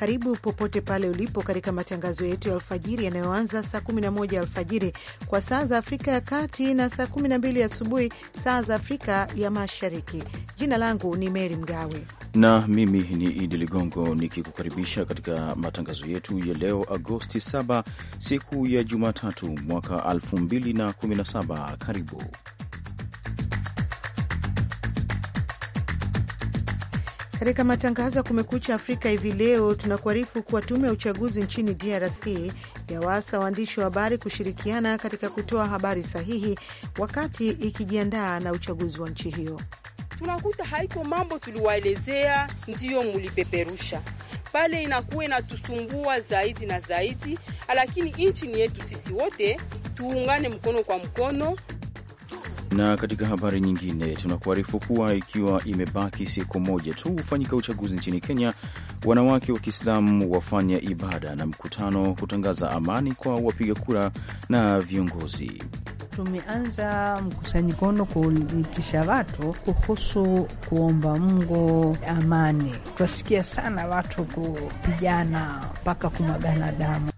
Karibu popote pale ulipo katika matangazo yetu ya alfajiri yanayoanza saa 11 alfajiri kwa saa za Afrika ya Kati na saa 12 asubuhi saa za Afrika ya Mashariki. Jina langu ni Meri Mgawe na mimi ni Idi Ligongo nikikukaribisha katika matangazo yetu ya leo Agosti 7 siku ya Jumatatu mwaka 2017. Karibu Katika matangazo ya Kumekucha Afrika hivi leo, tunakuarifu kuwa tume ya uchaguzi nchini DRC yawaasa waandishi wa habari kushirikiana katika kutoa habari sahihi wakati ikijiandaa na uchaguzi wa nchi hiyo. Tunakuta haiko mambo tuliwaelezea ndiyo mulipeperusha pale, inakuwa inatusumbua zaidi na zaidi, lakini nchi ni yetu sisi wote, tuungane mkono kwa mkono na katika habari nyingine tunakuarifu kuwa ikiwa imebaki siku moja tu hufanyika uchaguzi nchini Kenya, wanawake wa Kiislamu wafanya ibada na mkutano kutangaza amani kwa wapiga kura na viongozi. Tumeanza mkusanyikono kuitisha watu kuhusu kuomba Mungu amani. Twasikia sana watu kupijana mpaka kumwagana damu.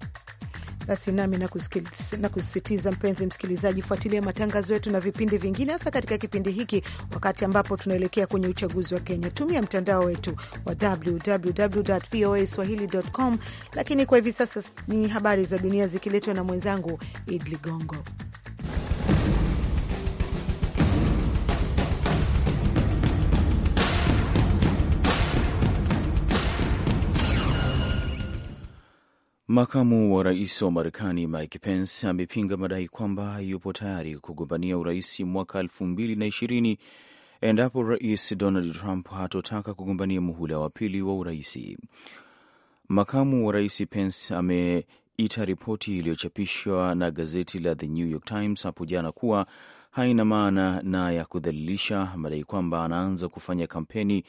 Basi nami nakusisitiza kusisitiza mpenzi msikilizaji, fuatilia matangazo yetu na vipindi vingine, hasa katika kipindi hiki, wakati ambapo tunaelekea kwenye uchaguzi wa Kenya. Tumia mtandao wetu wa www voa swahilicom Lakini kwa hivi sasa ni habari za dunia zikiletwa na mwenzangu Id Ligongo. Makamu wa rais wa Marekani Mike Pence amepinga madai kwamba yupo tayari kugombania urais mwaka elfu mbili na ishirini endapo rais Donald Trump hatotaka kugombania muhula wa pili wa uraisi. Makamu wa rais Pence ameita ripoti iliyochapishwa na gazeti la The New York Times hapo jana kuwa haina maana na ya kudhalilisha, madai kwamba anaanza kufanya kampeni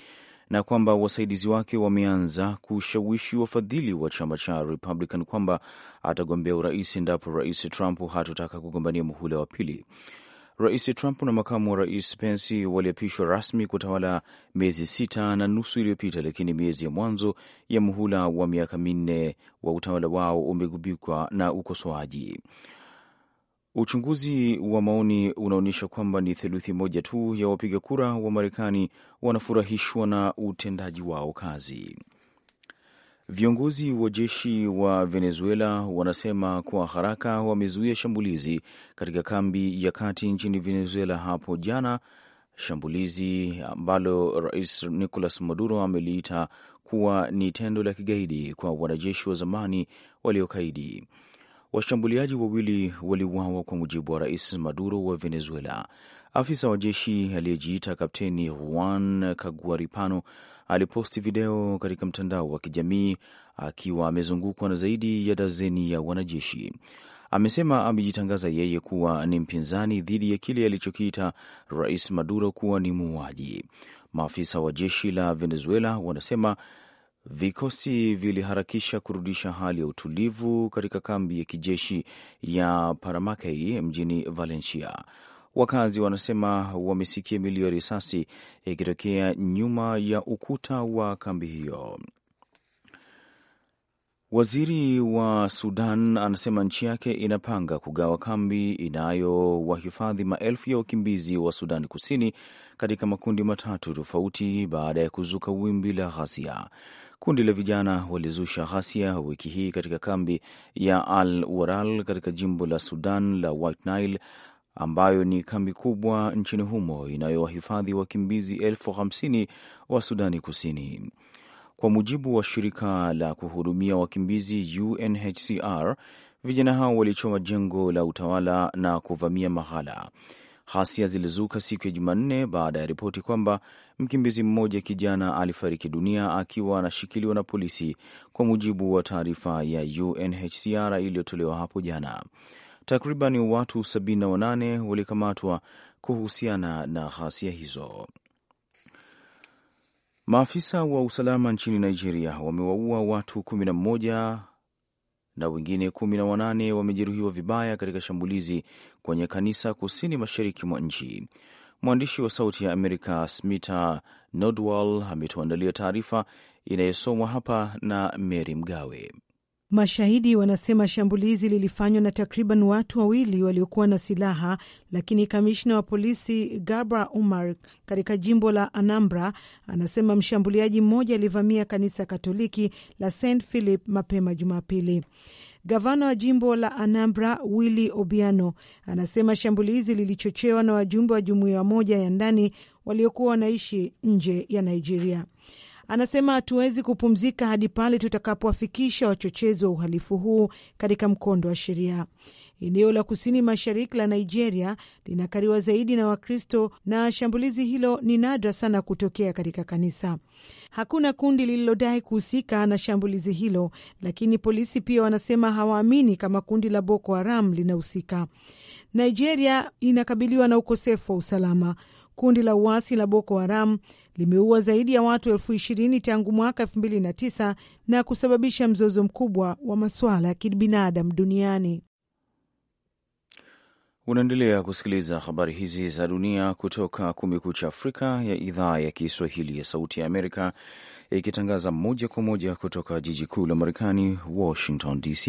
na kwamba wasaidizi wake wameanza kushawishi wafadhili wa chama cha Republican kwamba atagombea urais endapo Rais Trump hatotaka kugombania muhula wa pili. Rais Trump na makamu wa rais Pence waliapishwa rasmi kutawala miezi sita na nusu iliyopita, lakini miezi ya mwanzo ya muhula wa miaka minne wa utawala wao umegubikwa na ukosoaji. Uchunguzi wa maoni unaonyesha kwamba ni theluthi moja tu ya wapiga kura wa Marekani wanafurahishwa na utendaji wao kazi. Viongozi wa jeshi wa Venezuela wanasema kwa haraka wamezuia shambulizi katika kambi ya kati nchini Venezuela hapo jana, shambulizi ambalo Rais Nicolas Maduro ameliita kuwa ni tendo la kigaidi kwa wanajeshi wa zamani waliokaidi. Washambuliaji wawili waliuawa kwa mujibu wa Rais Maduro wa Venezuela. Afisa wa jeshi aliyejiita Kapteni Juan Kaguaripano aliposti video katika mtandao wa kijamii akiwa amezungukwa na zaidi ya dazeni ya wanajeshi. Amesema amejitangaza yeye kuwa ni mpinzani dhidi ya kile alichokiita Rais Maduro kuwa ni muuaji. Maafisa wa jeshi la Venezuela wanasema Vikosi viliharakisha kurudisha hali ya utulivu katika kambi ya kijeshi ya Paramakei mjini Valencia. Wakazi wanasema wamesikia milio ya risasi ikitokea nyuma ya ukuta wa kambi hiyo. Waziri wa Sudan anasema nchi yake inapanga kugawa kambi inayowahifadhi maelfu ya wakimbizi wa Sudan Kusini katika makundi matatu tofauti baada ya kuzuka wimbi la ghasia. Kundi la vijana walizusha ghasia wiki hii katika kambi ya Al Waral katika jimbo la Sudan la White Nile ambayo ni kambi kubwa nchini humo inayowahifadhi wakimbizi elfu hamsini wa Sudani Kusini. Kwa mujibu wa shirika la kuhudumia wakimbizi UNHCR, vijana hao walichoma jengo la utawala na kuvamia maghala. Ghasia zilizuka siku ya Jumanne baada ya ripoti kwamba mkimbizi mmoja kijana alifariki dunia akiwa anashikiliwa na polisi, kwa mujibu wa taarifa ya UNHCR iliyotolewa hapo jana. Takriban watu 78 walikamatwa kuhusiana na ghasia hizo. Maafisa wa usalama nchini Nigeria wamewaua watu 11 na wengine kumi na wanane wamejeruhiwa vibaya katika shambulizi kwenye kanisa kusini mashariki mwa nchi. Mwandishi wa Sauti ya Amerika Smita Nodwal ametuandalia taarifa inayosomwa hapa na Mary Mgawe. Mashahidi wanasema shambulizi lilifanywa na takriban watu wawili waliokuwa na silaha, lakini kamishna wa polisi Gabra Umar katika jimbo la Anambra anasema mshambuliaji mmoja alivamia kanisa Katoliki la St Philip mapema Jumapili. Gavana wa jimbo la Anambra willi Obiano anasema shambulizi lilichochewa na wajumbe wa jumuiya moja ya ndani waliokuwa wanaishi nje ya Nigeria. Anasema hatuwezi kupumzika hadi pale tutakapowafikisha wachochezi wa uhalifu huu katika mkondo wa sheria. Eneo la kusini mashariki la Nigeria linakariwa zaidi na Wakristo na shambulizi hilo ni nadra sana kutokea katika kanisa. Hakuna kundi lililodai kuhusika na shambulizi hilo, lakini polisi pia wanasema hawaamini kama kundi la Boko Haram linahusika. Nigeria inakabiliwa na ukosefu wa usalama. Kundi la uasi la Boko Haram limeua zaidi ya watu elfu ishirini tangu mwaka elfu mbili na tisa na kusababisha mzozo mkubwa wa masuala ya kibinadamu duniani. Unaendelea kusikiliza habari hizi za dunia kutoka Kumekucha Afrika ya idhaa ya Kiswahili ya Sauti ya Amerika, ikitangaza moja kwa moja kutoka jiji kuu la Marekani, Washington DC.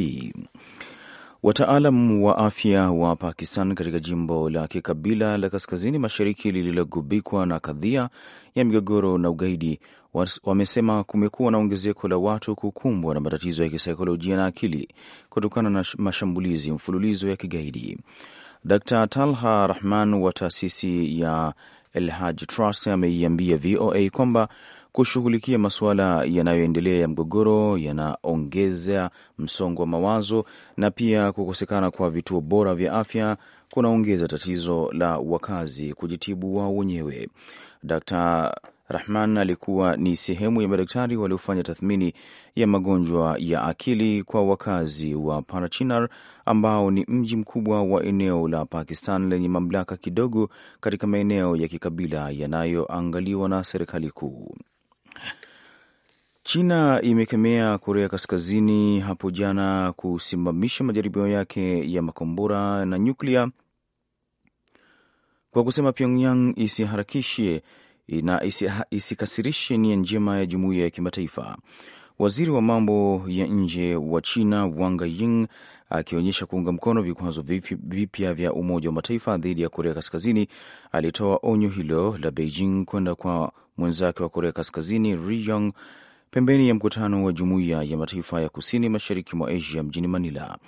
Wataalam wa afya wa Pakistan katika jimbo la kikabila la kaskazini mashariki lililogubikwa na kadhia ya migogoro na ugaidi wamesema kumekuwa na ongezeko la watu kukumbwa na matatizo ya kisaikolojia na akili kutokana na mashambulizi mfululizo ya kigaidi. Dr Talha Rahman wa taasisi ya Elhaj Trust ameiambia VOA kwamba kushughulikia masuala yanayoendelea ya mgogoro yanaongeza msongo wa mawazo, na pia kukosekana kwa vituo bora vya afya kunaongeza tatizo la wakazi kujitibu wao wenyewe. Dr. Rahman alikuwa ni sehemu ya madaktari waliofanya tathmini ya magonjwa ya akili kwa wakazi wa Parachinar ambao ni mji mkubwa wa eneo la Pakistan lenye mamlaka kidogo katika maeneo ya kikabila yanayoangaliwa na serikali kuu. China imekemea Korea Kaskazini hapo jana kusimamisha majaribio yake ya makombora na nyuklia kwa kusema Pyongyang isiharakishe na isikasirishe nia njema ya jumuiya ya kimataifa. Waziri wa mambo ya nje wa China Wang Yi akionyesha kuunga mkono vikwazo vipya vya Umoja wa Mataifa dhidi ya Korea Kaskazini, alitoa onyo hilo la Beijing kwenda kwa mwenzake wa Korea Kaskazini Ri Yong pembeni ya mkutano wa Jumuiya ya Mataifa ya Kusini Mashariki mwa Asia mjini Manila.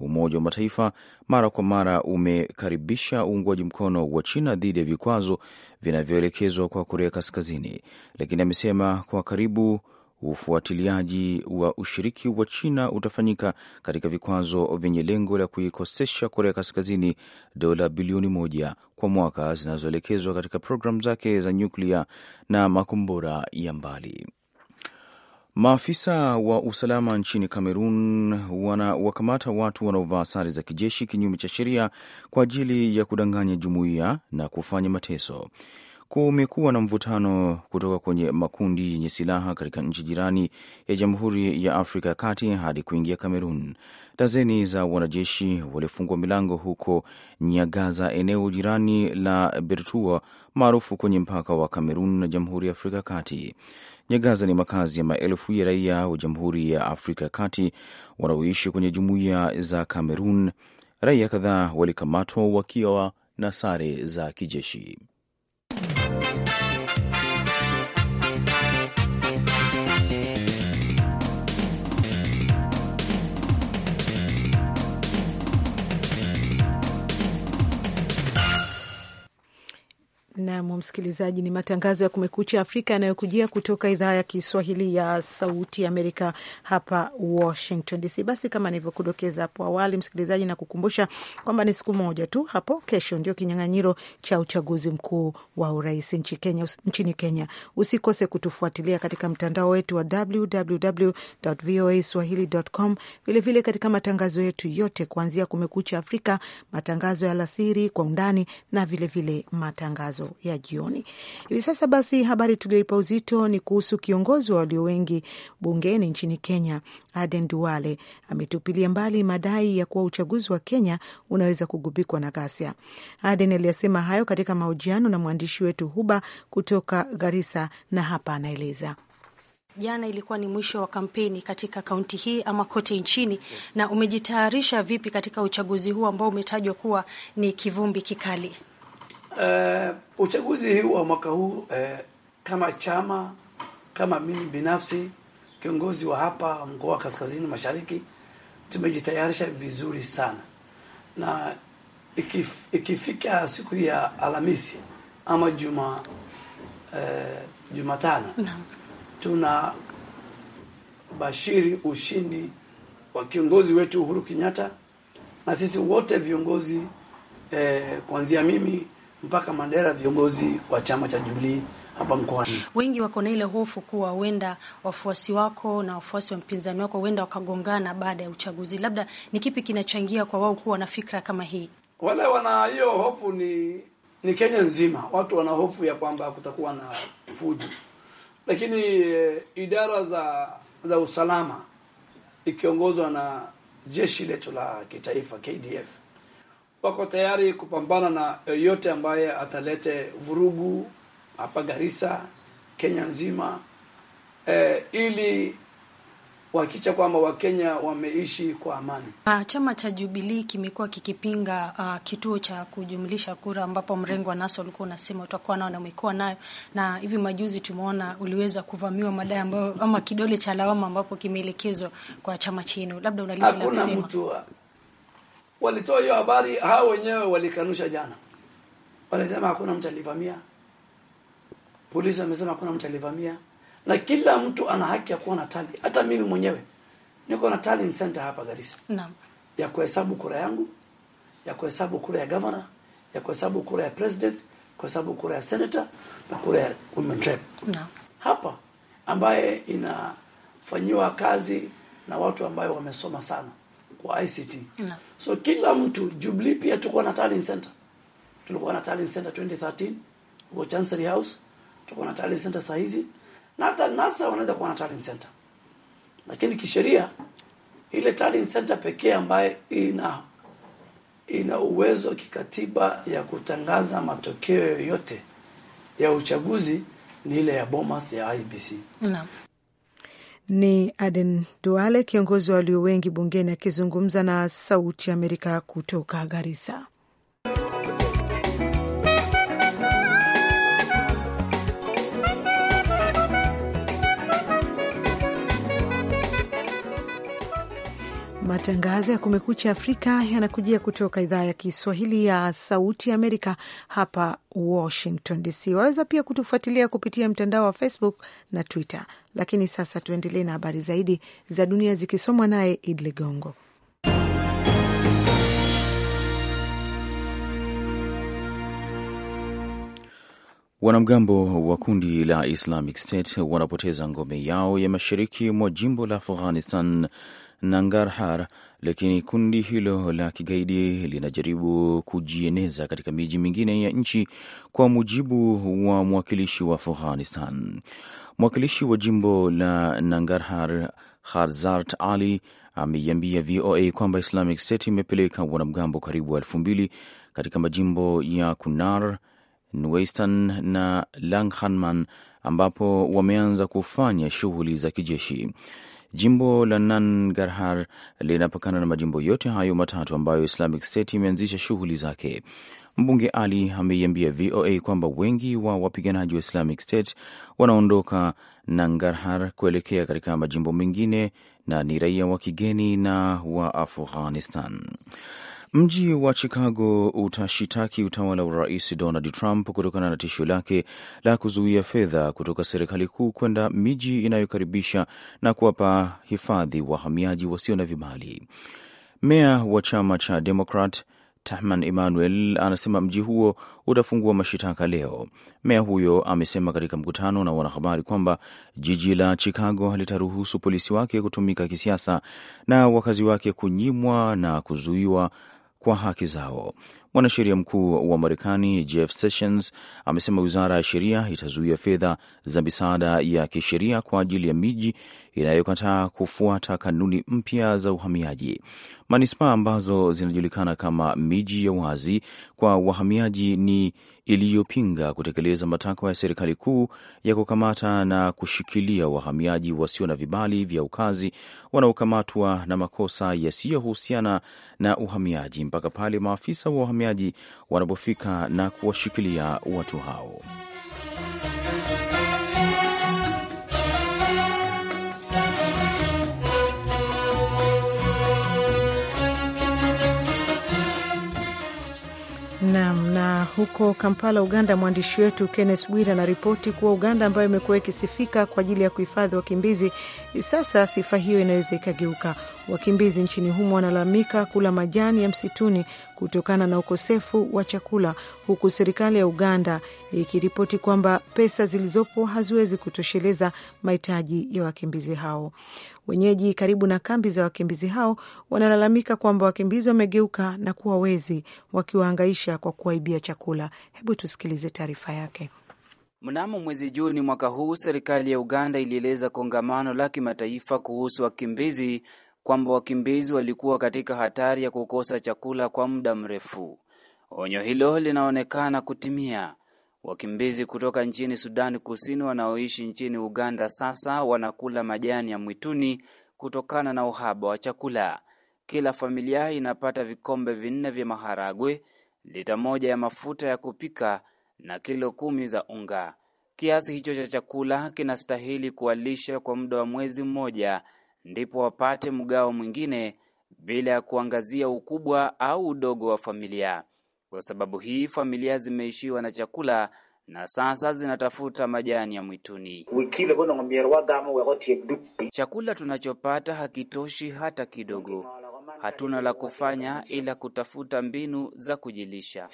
Umoja wa Mataifa mara kwa mara umekaribisha uungwaji mkono wa China dhidi ya vikwazo vinavyoelekezwa kwa Korea Kaskazini, lakini amesema kwa karibu ufuatiliaji wa ushiriki wa China utafanyika katika vikwazo vyenye lengo la kuikosesha Korea Kaskazini dola bilioni moja kwa mwaka zinazoelekezwa katika programu zake za nyuklia na makombora ya mbali. Maafisa wa usalama nchini Kamerun wanawakamata watu wanaovaa sare za kijeshi kinyume cha sheria kwa ajili ya kudanganya jumuiya na kufanya mateso. Kumekuwa na mvutano kutoka kwenye makundi yenye silaha katika nchi jirani ya Jamhuri ya Afrika ya Kati hadi kuingia Kamerun. Dazeni za wanajeshi walifungwa milango huko Nyagaza, eneo jirani la Bertua maarufu kwenye mpaka wa Kamerun na Jamhuri ya Afrika ya Kati. Nyagaza ni makazi ya maelfu ya raia wa Jamhuri ya Afrika ya Kati wanaoishi kwenye jumuiya za Kamerun. Raia kadhaa walikamatwa wakiwa na sare za kijeshi. nam msikilizaji, ni matangazo ya Kumekucha Afrika yanayokujia kutoka idhaa ya Kiswahili ya Sauti Amerika hapa Washington DC. Basi kama nilivyokudokeza hapo awali, msikilizaji, na kukumbusha kwamba ni siku moja tu hapo kesho ndio kinyang'anyiro cha uchaguzi mkuu wa urais nchi Kenya, nchini Kenya. Usikose kutufuatilia katika mtandao wetu wa swahilicom vilevile katika matangazo yetu yote kuanzia Kumekucha Afrika, matangazo ya alasiri, kwa undani na vilevile vile matangazo ya jioni hivi sasa. Basi habari tulioipa uzito ni kuhusu kiongozi wa walio wengi bungeni nchini Kenya, Aden Duale ametupilia mbali madai ya kuwa uchaguzi wa Kenya unaweza kugubikwa na ghasia. Aden aliyasema hayo katika mahojiano na mwandishi wetu Huba kutoka Garisa, na hapa anaeleza. Jana ilikuwa ni mwisho wa kampeni katika kaunti hii ama kote nchini, yes. Na umejitayarisha vipi katika uchaguzi huu ambao umetajwa kuwa ni kivumbi kikali? Uh, uchaguzi huu wa mwaka huu uh, kama chama kama mimi binafsi kiongozi wa hapa mkoa wa Kaskazini Mashariki tumejitayarisha vizuri sana, na ikif, ikifika siku ya Alhamisi ama juma uh, Jumatano no. tuna bashiri ushindi wa kiongozi wetu Uhuru Kenyatta na sisi wote viongozi eh, kuanzia mimi mpaka Mandera, viongozi wa chama cha Jubilee hapa mkoani. Wengi wako na ile hofu kuwa huenda wafuasi wako na wafuasi wa mpinzani wako huenda wakagongana baada ya uchaguzi. Labda ni kipi kinachangia kwa wao kuwa na fikra kama hii? Wale wana hiyo hofu ni ni Kenya nzima, watu wana hofu ya kwamba kutakuwa na fujo, lakini e, idara za za usalama ikiongozwa na jeshi letu la kitaifa KDF wako tayari kupambana na yoyote ambaye atalete vurugu hapa Garissa, Kenya nzima e, ili kuhakikisha kwamba Wakenya wameishi kwa amani. Ah, chama cha Jubilee kimekuwa kikipinga uh, kituo cha kujumlisha kura ambapo mrengo wa NASA ulikuwa unasema utakuwa nao na umekuwa nayo, na hivi majuzi tumeona uliweza kuvamiwa madai ambayo ama kidole cha lawama ambapo kimeelekezwa kwa chama chenu, labda unaliona. Hakuna mtu walitoa hiyo habari, hao wenyewe walikanusha jana, wanasema hakuna mtu alivamia, polisi wamesema hakuna mtu alivamia, na kila mtu ana haki ya kuwa na tali. Hata mimi mwenyewe niko na tali center hapa Garissa, naam, ya kuhesabu kura yangu, ya kuhesabu kura ya governor, ya kuhesabu kura ya president, kuhesabu kura ya senator na kura ya women rep, naam, hapa ambaye inafanyiwa kazi na watu ambayo wamesoma sana wa ICT no. So kila mtu Jubilee, pia tuko na talent center, tulikuwa na talent center 2013 huko Chancery House, tuko na talent center saa hizi, na hata NASA wanaweza kuwa na talent center, lakini kisheria ile talent center pekee ambaye ina ina uwezo kikatiba ya kutangaza matokeo yoyote ya uchaguzi ni ile ya Bomas ya IBC no. Ni Aden Duale, kiongozi walio wengi bungeni, akizungumza na Sauti Amerika kutoka Garissa. Matangazo ya Kumekucha Afrika yanakujia kutoka idhaa ya Kiswahili ya Sauti Amerika hapa Washington DC. Waweza pia kutufuatilia kupitia mtandao wa Facebook na Twitter, lakini sasa tuendelee na habari zaidi za dunia zikisomwa naye Id Ligongo. Wanamgambo wa kundi la Islamic State wanapoteza ngome yao ya mashariki mwa jimbo la Afghanistan Nangarhar, lakini kundi hilo la kigaidi linajaribu kujieneza katika miji mingine ya nchi, kwa mujibu wa mwakilishi wa Afghanistan. Mwakilishi wa jimbo la Nangarhar, Harzart Ali, ameiambia VOA kwamba Islamic State imepeleka wanamgambo karibu elfu mbili katika majimbo ya Kunar, Nueistan na Langhanman ambapo wameanza kufanya shughuli za kijeshi. Jimbo la Nangarhar linapakana na majimbo yote hayo matatu ambayo Islamic State imeanzisha shughuli zake. Mbunge Ali ameiambia VOA kwamba wengi wa wapiganaji wa Islamic State wanaondoka Nangarhar kuelekea katika majimbo mengine na ni raia wa kigeni na wa Afghanistan. Mji wa Chicago utashitaki utawala wa Rais Donald Trump kutokana na tisho lake la kuzuia fedha kutoka serikali kuu kwenda miji inayokaribisha na kuwapa hifadhi wahamiaji wasio na vibali. Meya wa chama cha Demokrat Tahman Emmanuel anasema mji huo utafungua mashitaka leo. Meya huyo amesema katika mkutano na wanahabari kwamba jiji la Chicago halitaruhusu polisi wake kutumika kisiasa na wakazi wake kunyimwa na kuzuiwa kwa haki zao. Mwanasheria mkuu wa Marekani Jeff Sessions amesema wizara ya sheria itazuia fedha za misaada ya kisheria kwa ajili ya miji inayokataa kufuata kanuni mpya za uhamiaji. Manispaa ambazo zinajulikana kama miji ya wazi kwa wahamiaji ni iliyopinga kutekeleza matakwa ya serikali kuu ya kukamata na kushikilia wahamiaji wasio na vibali vya ukazi wanaokamatwa na makosa yasiyohusiana na uhamiaji mpaka pale maafisa wa wahamiaji wanapofika na kuwashikilia watu hao. Nam na huko Kampala, Uganda, mwandishi wetu Kennes Bwira anaripoti kuwa Uganda ambayo imekuwa ikisifika kwa ajili ya kuhifadhi wakimbizi, sasa sifa hiyo inaweza ikageuka. Wakimbizi nchini humo wanalalamika kula majani ya msituni kutokana na ukosefu wa chakula, huku serikali ya Uganda ikiripoti kwamba pesa zilizopo haziwezi kutosheleza mahitaji ya wakimbizi hao. Wenyeji karibu na kambi za wakimbizi hao wanalalamika kwamba wakimbizi wamegeuka na kuwa wezi, wakiwahangaisha kwa kuwaibia chakula. Hebu tusikilize taarifa yake. Mnamo mwezi Juni mwaka huu, serikali ya Uganda ilieleza kongamano la kimataifa kuhusu wakimbizi kwamba wakimbizi walikuwa katika hatari ya kukosa chakula kwa muda mrefu. Onyo hilo linaonekana kutimia. Wakimbizi kutoka nchini Sudani Kusini wanaoishi nchini Uganda sasa wanakula majani ya mwituni kutokana na uhaba wa chakula. Kila familia inapata vikombe vinne vya maharagwe, lita moja ya mafuta ya kupika na kilo kumi za unga. Kiasi hicho cha chakula kinastahili kuwalisha kwa muda wa mwezi mmoja, ndipo wapate mgao mwingine, bila ya kuangazia ukubwa au udogo wa familia. Kwa sababu hii familia zimeishiwa na chakula na sasa zinatafuta majani ya mwituni. Chakula tunachopata hakitoshi hata kidogo. Hatuna la kufanya ila kutafuta mbinu za kujilisha.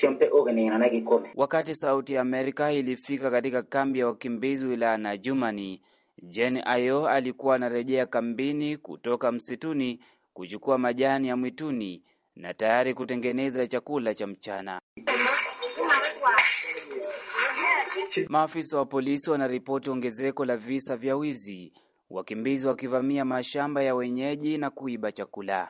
Wakati Sauti ya Amerika ilifika katika kambi ya wakimbizi na jumani Jen Ayo alikuwa anarejea kambini kutoka msituni kuchukua majani ya mwituni na tayari kutengeneza chakula cha mchana. Maafisa wa polisi wanaripoti ongezeko la visa vya wizi, wakimbizi wakivamia mashamba ya wenyeji na kuiba chakula.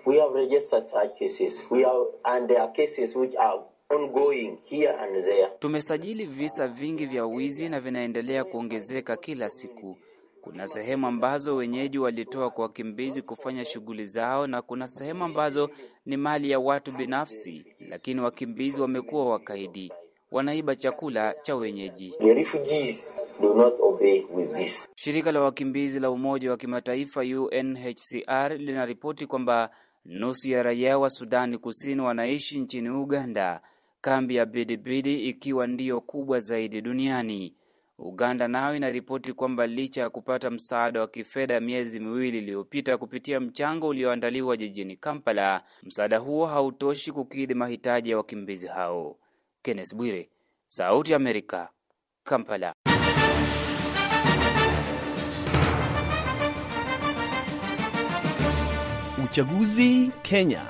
Tumesajili visa vingi vya wizi na vinaendelea kuongezeka kila siku. Kuna sehemu ambazo wenyeji walitoa kwa wakimbizi kufanya shughuli zao na kuna sehemu ambazo ni mali ya watu binafsi, lakini wakimbizi wamekuwa wakaidi, wanaiba chakula cha wenyeji. Shirika la wakimbizi la Umoja wa Kimataifa UNHCR linaripoti kwamba nusu ya raia wa Sudani Kusini wanaishi nchini Uganda, kambi ya Bidibidi ikiwa ndiyo kubwa zaidi duniani. Uganda nayo inaripoti kwamba licha ya kupata msaada wa kifedha miezi miwili iliyopita kupitia mchango ulioandaliwa jijini Kampala, msaada huo hautoshi kukidhi mahitaji ya wakimbizi hao. Kenneth Bwire, Sauti ya Amerika, Kampala. Uchaguzi Kenya.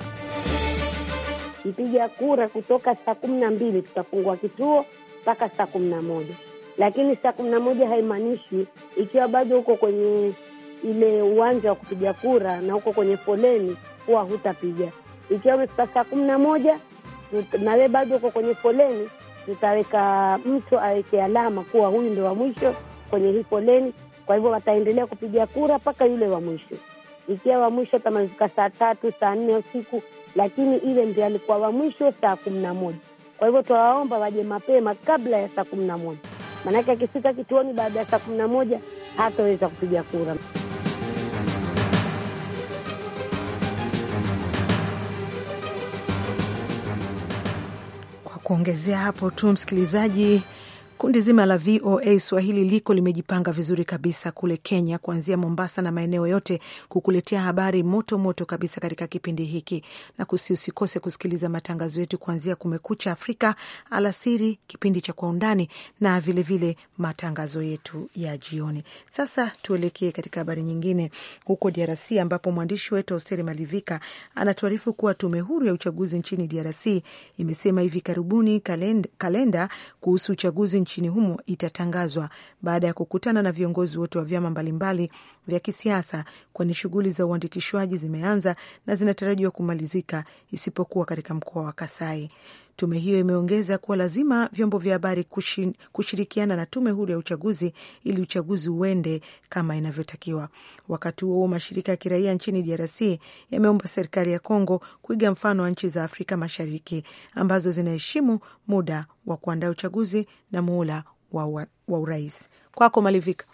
Mpiga kura kutoka saa kumi na mbili tutafungua kituo mpaka saa kumi na moja lakini saa kumi na moja haimaanishi ikiwa bado huko kwenye ile uwanja wa kupiga kura na huko kwenye foleni huwa hutapiga. Ikiwa umefika saa kumi na moja na wee bado uko kwenye foleni, tutaweka mtu aweke alama kuwa huyu ndo wa mwisho kwenye hii foleni. Kwa hivyo wataendelea kupiga kura mpaka yule wa mwisho. Ikiwa wa mwisho atamalizika saa tatu saa nne usiku, lakini ile ndio alikuwa wa mwisho saa kumi na moja. Kwa hivyo tuwaomba waje mapema kabla ya saa kumi na moja maanake akifika kituoni baada ya saa kumi na moja hataweza kupiga kura. Kwa kuongezea hapo tu msikilizaji Kundi zima la VOA Swahili liko limejipanga vizuri kabisa kule Kenya, kuanzia Mombasa na maeneo yote, kukuletea habari moto moto kabisa katika kipindi hiki, na kusi usikose kusikiliza matangazo yetu kuanzia Kumekucha Afrika alasiri, kipindi cha Kwa Undani na vilevile vile matangazo yetu ya jioni. Sasa tuelekee katika habari nyingine, huko DRC ambapo mwandishi wetu Austeri Malivika anatuarifu kuwa tume huru ya uchaguzi nchini DRC imesema hivi karibuni kalenda, kalenda kuhusu uchaguzi nchini nchini humo itatangazwa baada ya kukutana na viongozi wote wa vyama mbalimbali vya kisiasa, kwani shughuli za uandikishwaji zimeanza na zinatarajiwa kumalizika isipokuwa katika mkoa wa Kasai. Tume hiyo imeongeza kuwa lazima vyombo vya habari kushirikiana na tume huru ya uchaguzi ili uchaguzi uende kama inavyotakiwa. Wakati huo huo, mashirika ya kiraia nchini DRC yameomba serikali ya Kongo kuiga mfano wa nchi za Afrika Mashariki ambazo zinaheshimu muda wa kuandaa uchaguzi na muhula wa urais. Kwako Malivika.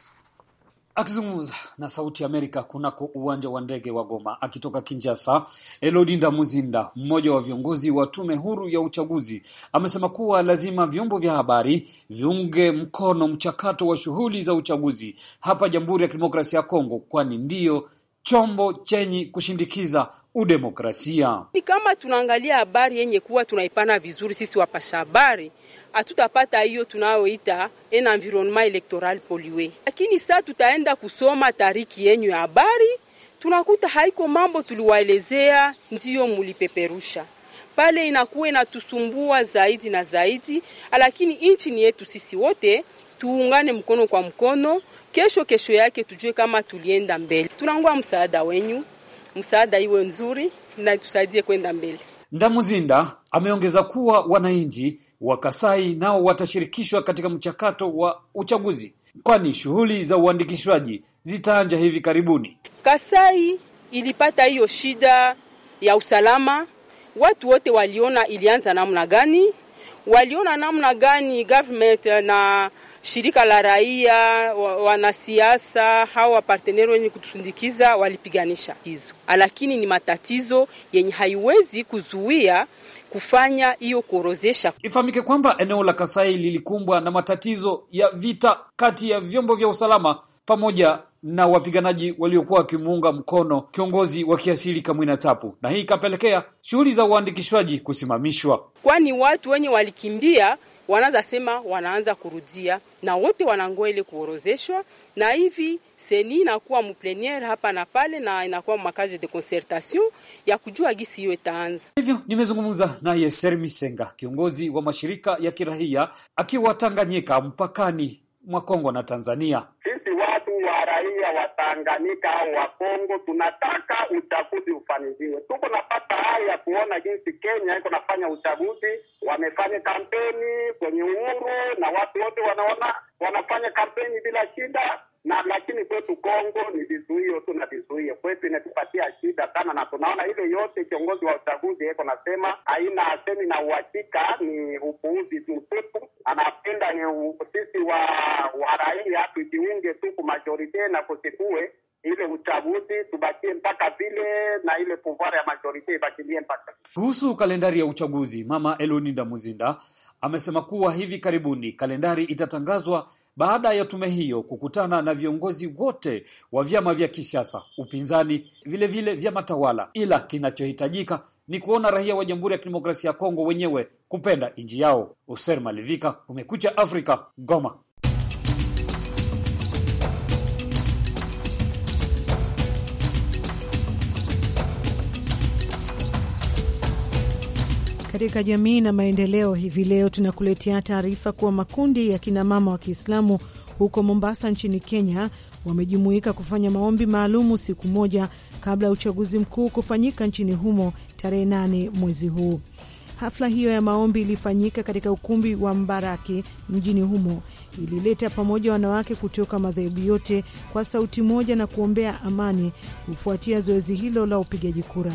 Akizungumza na Sauti Amerika kunako uwanja wa ndege wa Goma akitoka Kinjasa, Elodinda Muzinda, mmoja wa viongozi wa tume huru ya uchaguzi, amesema kuwa lazima vyombo vya habari viunge mkono mchakato wa shughuli za uchaguzi hapa Jamhuri ya Kidemokrasia ya Kongo, kwani ndiyo chombo chenye kushindikiza udemokrasia. Ni kama tunaangalia habari yenye kuwa tunaipana vizuri, sisi wapasha habari hatutapata hiyo tunayoita en environnement electoral poliwe, lakini saa tutaenda kusoma tariki yenyu ya habari tunakuta haiko mambo tuliwaelezea ndiyo mulipeperusha pale, inakuwa inatusumbua zaidi na zaidi, lakini nchi ni yetu sisi wote tuungane mkono kwa mkono, kesho kesho yake tujue kama tulienda mbele. tunangua msaada wenyu, msaada iwe nzuri na tusaidie kwenda mbele. Ndamuzinda ameongeza kuwa wananchi wa Kasai nao watashirikishwa katika mchakato wa uchaguzi, kwani shughuli za uandikishwaji zitaanza hivi karibuni. Kasai ilipata hiyo shida ya usalama, watu wote waliona ilianza namna gani, waliona namna gani government na shirika la raia, wanasiasa hao waparteneri wenye kutusindikiza walipiganisha hizo, lakini ni matatizo yenye haiwezi kuzuia kufanya hiyo kuorozesha. Ifahamike kwamba eneo la Kasai lilikumbwa na matatizo ya vita kati ya vyombo vya usalama pamoja na wapiganaji waliokuwa wakimuunga mkono kiongozi wa kiasili Kamwina Tapu, na hii ikapelekea shughuli za uandikishwaji kusimamishwa, kwani watu wenye walikimbia wanaanza sema, wanaanza kurudia na wote wanangoa ile kuorozeshwa, na hivi seni inakuwa mpleniere hapa na pale, na inakuwa makazi de concertation ya kujua gisi hiyo itaanza. Hivyo nimezungumza naye Sermi misenga kiongozi wa mashirika ya kirahia akiwa Tanganyika mpakani mwa Kongo na Tanzania watanganika au Wakongo, tunataka uchaguzi ufanikiwe. Tuko napata hali ya kuona jinsi Kenya iko nafanya uchaguzi, wamefanya kampeni kwenye uhuru na watu wote wanaona wanafanya kampeni bila shida na lakini kwetu Kongo ni vizuio tu na vizuio, kwetu inatupatia shida sana, na tunaona ile yote kiongozi wa uchaguzi yeko nasema haina asemi na uhakika, ni upuuzi mtupu. Anapenda ni sisi wa, wa raia tujiunge tu ku na kusikue ile uchaguzi tubakie mpaka vile na ile pouvoir ya majorite ibakilie mpaka kuhusu kalendari ya uchaguzi. Mama Eloninda Muzinda amesema kuwa hivi karibuni kalendari itatangazwa baada ya tume hiyo kukutana na viongozi wote wa vyama vya kisiasa, upinzani, vilevile vyama tawala, ila kinachohitajika ni kuona raia wa Jamhuri ya Kidemokrasia ya Kongo wenyewe kupenda nchi yao. User Malivika, Kumekucha Afrika, Goma. Katika jamii na maendeleo, hivi leo tunakuletea taarifa kuwa makundi ya kinamama wa Kiislamu huko Mombasa nchini Kenya wamejumuika kufanya maombi maalumu siku moja kabla ya uchaguzi mkuu kufanyika nchini humo tarehe nane mwezi huu. Hafla hiyo ya maombi ilifanyika katika ukumbi wa Mbaraki mjini humo. Ilileta pamoja wanawake kutoka madhehebu yote kwa sauti moja na kuombea amani kufuatia zoezi hilo la upigaji kura.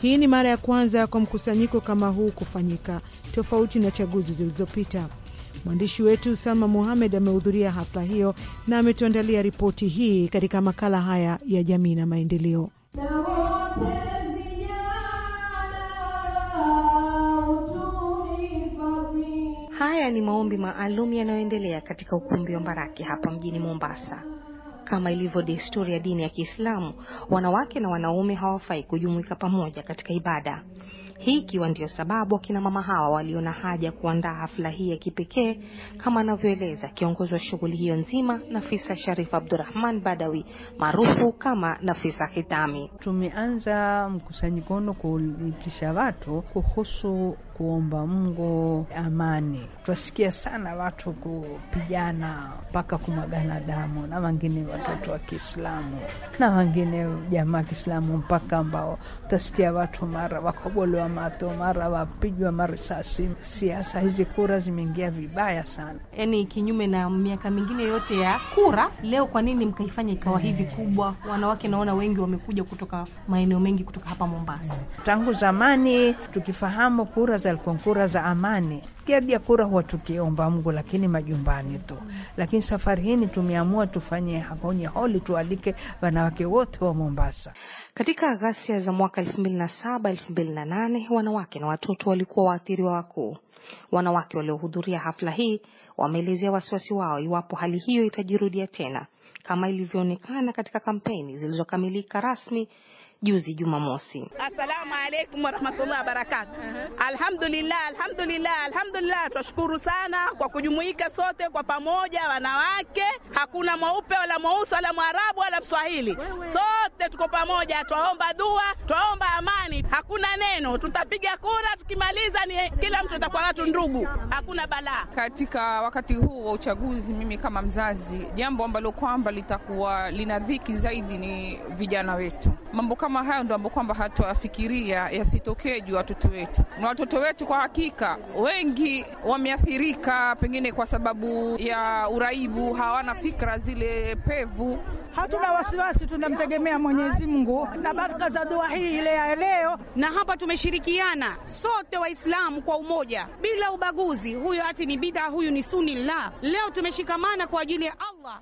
Hii ni mara ya kwanza kwa mkusanyiko kama huu kufanyika, tofauti na chaguzi zilizopita. Mwandishi wetu Salma muhamed amehudhuria hafla hiyo na ametuandalia ripoti hii katika makala haya ya jamii na maendeleo. Haya ni maombi maalum yanayoendelea katika ukumbi wa Mbaraki hapa mjini Mombasa. Kama ilivyo desturi ya dini ya Kiislamu, wanawake na wanaume hawafai kujumuika pamoja katika ibada. Hii ikiwa ndio sababu wakina mama hawa waliona haja kuandaa hafla hii ya kipekee, kama anavyoeleza kiongozi wa shughuli hiyo nzima, Nafisa Sharif Abdurrahman Badawi maarufu kama Nafisa Hitami. Tumeanza mkusanyiko huo kuitisha watu kuhusu kuomba Mungu amani. Twasikia sana watu kupigana mpaka kumwagana damu, na wengine watoto wa Kiislamu na wengine jamaa wa Kiislamu, mpaka ambao utasikia watu mara wakogolewa watu mara wapigwa marisasi. Siasa hizi kura zimeingia vibaya sana, yaani kinyume na miaka mingine yote ya kura. Leo kwa nini mkaifanya ikawa hivi eh. kubwa? Wanawake naona wengi wamekuja kutoka maeneo mengi kutoka hapa Mombasa. Tangu zamani tukifahamu kura zalikuwa kura za amani ya kura huwa tukiomba Mungu, lakini majumbani tu. Lakini safari hii tumeamua tufanye kwenye holi, tualike wanawake wote wa Mombasa. Katika ghasia za mwaka 2007 2008, wanawake na watoto walikuwa waathiriwa wakuu. Wanawake waliohudhuria hafla hii wameelezea wasiwasi wao iwapo hali hiyo itajirudia tena kama ilivyoonekana katika kampeni zilizokamilika rasmi juzi Jumamosi. asalamu alaikum warahmatullahi wabarakatu. Uh-huh. Alhamdulillah, alhamdulillah, alhamdulillah. Twashukuru sana kwa kujumuika sote kwa pamoja, wanawake, hakuna mweupe wala mweusi wala mwarabu wala mswahili, sote tuko pamoja. Twaomba dua, twaomba amani, hakuna neno. Tutapiga kura, tukimaliza ni kila mtu atakuwa watu ndugu, hakuna balaa. Katika wakati huu wa uchaguzi, mimi kama mzazi, jambo ambalo kwamba litakuwa lina dhiki zaidi ni vijana wetu mambo kama hayo ndo ambao kwamba hatuafikiria yasitokee juu watoto wetu, na watoto wetu kwa hakika wengi wameathirika, pengine kwa sababu ya uraibu, hawana fikra zile pevu. Hatuna wasiwasi, tunamtegemea Mwenyezi Mungu na baraka za dua hii ile ya leo. Na hapa tumeshirikiana sote Waislamu kwa umoja, bila ubaguzi, huyo ati ni bidhaa huyu ni suni. La, leo tumeshikamana kwa ajili ya Allah.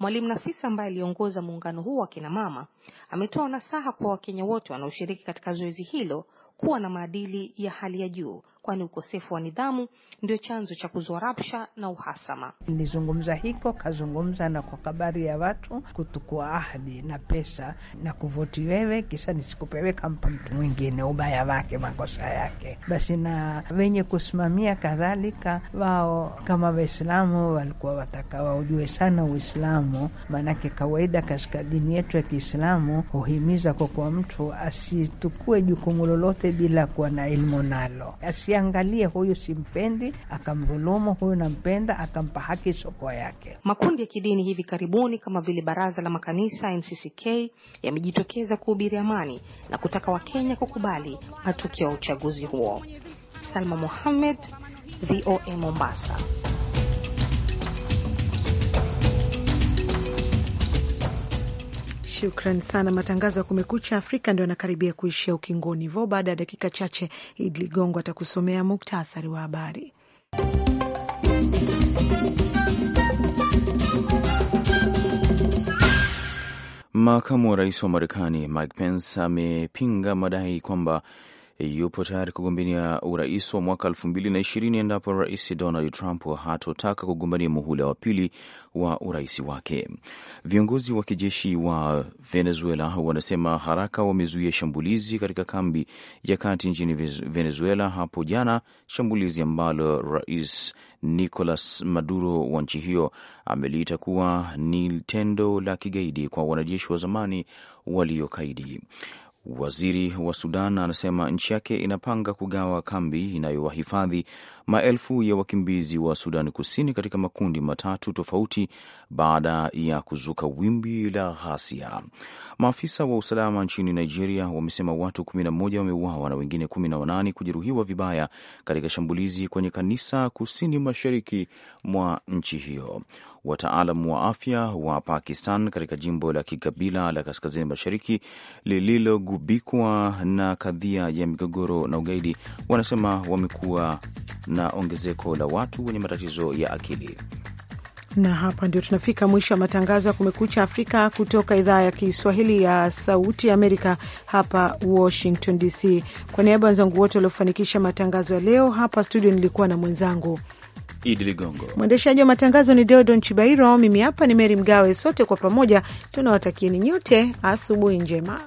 Mwalimu Nafisa ambaye aliongoza muungano huu wa kina mama ametoa nasaha kwa Wakenya wote wanaoshiriki katika zoezi hilo kuwa na maadili ya hali ya juu, kwani ukosefu wa nidhamu ndio chanzo cha kuzua rabsha na uhasama. Nilizungumza hiko, kazungumza na kwa habari ya watu kutukua ahadi na pesa na kuvoti wewe, kisa nisikupewe kampa mtu mwingine, ubaya wake makosa yake. Basi na wenye kusimamia kadhalika, wao kama Waislamu walikuwa wataka waujue sana Uislamu, maanake kawaida katika dini yetu ya Kiislamu huhimiza kwa kuwa mtu asitukue jukumu lolote bila kuwa na ilmu nalo, asiangalie huyu simpendi kidini, akamdhulumu huyu nampenda, akampa haki soko yake. Makundi ya kidini hivi karibuni kama vile Baraza la Makanisa NCCK yamejitokeza kuhubiri amani na kutaka Wakenya kukubali matokeo ya uchaguzi huo. Salma Mohamed, VOA Mombasa. Shukran sana. Matangazo ya Kumekucha Afrika ndio yanakaribia kuishia ukingoni. Vo, baada ya dakika chache, Idi Ligongo atakusomea muktasari wa habari. Makamu wa rais wa Marekani Mike Pence amepinga madai kwamba yupo tayari kugombania urais wa mwaka elfu mbili na ishirini endapo Rais Donald Trump hatotaka kugombania muhula wa pili wa urais wake. Viongozi wa kijeshi wa Venezuela wanasema haraka wamezuia shambulizi katika kambi ya kati nchini Venezuela hapo jana, shambulizi ambalo Rais Nicolas Maduro wa nchi hiyo ameliita kuwa ni tendo la kigaidi kwa wanajeshi wa zamani waliokaidi. Waziri wa Sudan anasema nchi yake inapanga kugawa kambi inayowahifadhi maelfu ya wakimbizi wa Sudani Kusini katika makundi matatu tofauti baada ya kuzuka wimbi la ghasia. Maafisa wa usalama nchini Nigeria wamesema watu 11 wameuawa na wengine 18 kujeruhiwa vibaya katika shambulizi kwenye kanisa kusini mashariki mwa nchi hiyo. Wataalam wa afya wa Pakistan katika jimbo la kikabila la kaskazini mashariki lililogubikwa na kadhia ya migogoro na ugaidi wanasema wamekuwa na ongezeko la watu wenye matatizo ya akili. Na hapa ndio tunafika mwisho wa matangazo ya Kumekucha Afrika kutoka idhaa ya Kiswahili ya Sauti ya Amerika hapa Washington DC. Kwa niaba ya wenzangu wote waliofanikisha matangazo ya leo, hapa studio nilikuwa na mwenzangu Idi Ligongo, mwendeshaji wa matangazo ni Deodon Chibairo, mimi hapa ni Meri Mgawe. Sote kwa pamoja tunawatakieni nyote asubuhi njema.